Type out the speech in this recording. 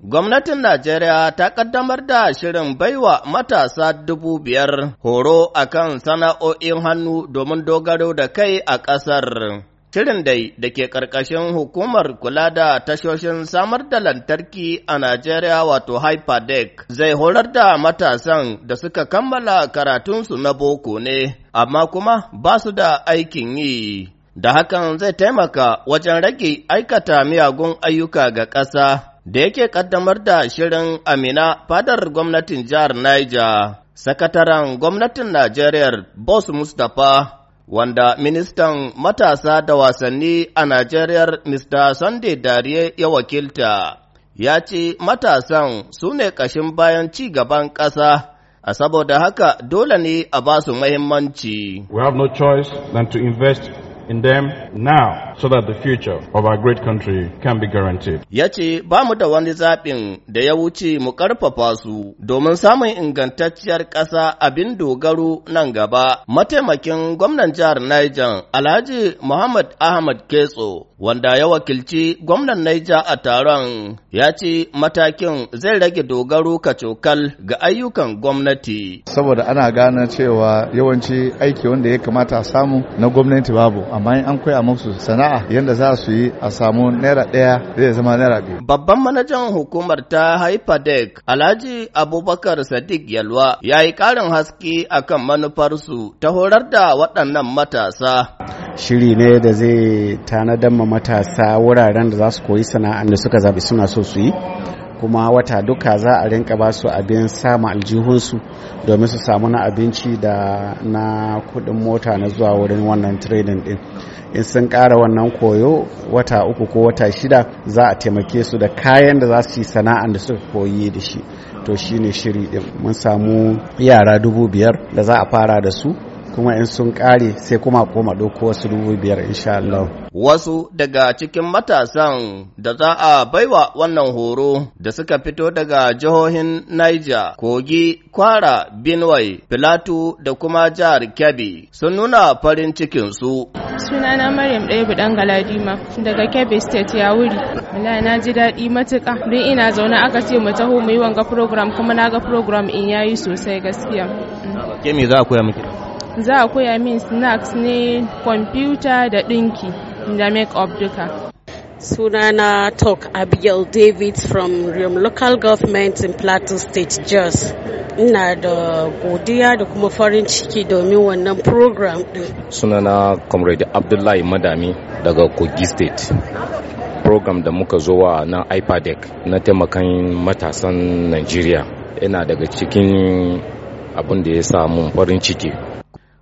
Gwamnatin Najeriya ta ƙaddamar da shirin baiwa matasa dubu biyar horo a kan sana'o'in hannu domin dogaro da kai a ƙasar. Shirin dai da ke ƙarƙashin hukumar kula da tashoshin samar da lantarki a Najeriya wato Hyperdeck zai horar da matasan da suka kammala karatunsu na boko ne, amma kuma ba su da aikin yi. Da hakan zai taimaka wajen rage aikata miyagun ayyuka ga ƙasa. da yake kaddamar da shirin Amina fadar gwamnatin jihar Niger, sakataren gwamnatin Najeriya Boss Mustapha wanda ministan matasa da wasanni a Najeriya Mr. Sunday Dariye ya wakilta, ya ce matasan su ne ƙashin bayan ci gaban ƙasa, a saboda haka dole ne a ba su muhimmanci. We have no choice than to invest in them now. so that the future of our great country can be guaranteed. Ya ce ba mu da wani zaɓin da ya wuce mu karfafa su domin samun ingantacciyar ƙasa abin dogaro nan gaba. Mataimakin gwamnan jihar Niger Alhaji Muhammad Ahmad Ketso wanda ya wakilci gwamnan Niger a taron ya ce matakin zai rage dogaro cokal ga ayyukan gwamnati. Saboda ana gane cewa yawanci aiki wanda ya kamata samu na gwamnati babu amma an an koya musu sana'a jama'a yadda za su yi a samu naira ɗaya zai zama naira biyu. Babban manajan hukumar ta Hyperdeck Alhaji Abubakar Sadiq Yalwa ya yi ƙarin haske akan manufarsu ta horar da waɗannan matasa. shiri ne da zai tanadar ma matasa wuraren da za su koyi sana'an da suka zaɓi suna so su yi kuma wata duka za a rinka ba su abin samun aljihunsu domin su samu na abinci da na kudin mota na zuwa wurin wannan trading din in sun ƙara wannan koyo wata uku ko wata shida za a taimake su da kayan da za su yi sana'an da suka koyi da shi to shine shiri din mun samu yara dubu biyar da za a fara da su kuma in sun kare sai kuma koma ɗauko wasu dubu biyar insha Allah. Wasu daga cikin matasan da za a baiwa wannan horo da suka fito daga jihohin Niger, Kogi, Kwara, Benue, Filato da kuma jihar Kebbi sun nuna farin cikin cikinsu. Sunana Maryam ɗaya buɗan Galadima daga Kebbi State ya wuri. Wala na ji daɗi matuƙa don ina zaune aka ce mu taho mu yi wanga program kuma na ga program in yayi sosai gaskiya. Ke me za a koya miki? za a koya min snacks ne kwamfuta da ɗinki da make-up duka sunana talk abigail david from rim local government in plateau state jos ina da godiya da kuma farin ciki domin wannan program din sunana comrade abdullahi madami daga kogi state program da muka zo wa na ipadec na taimakan matasan nigeria yana daga cikin abin da ya samu farin ciki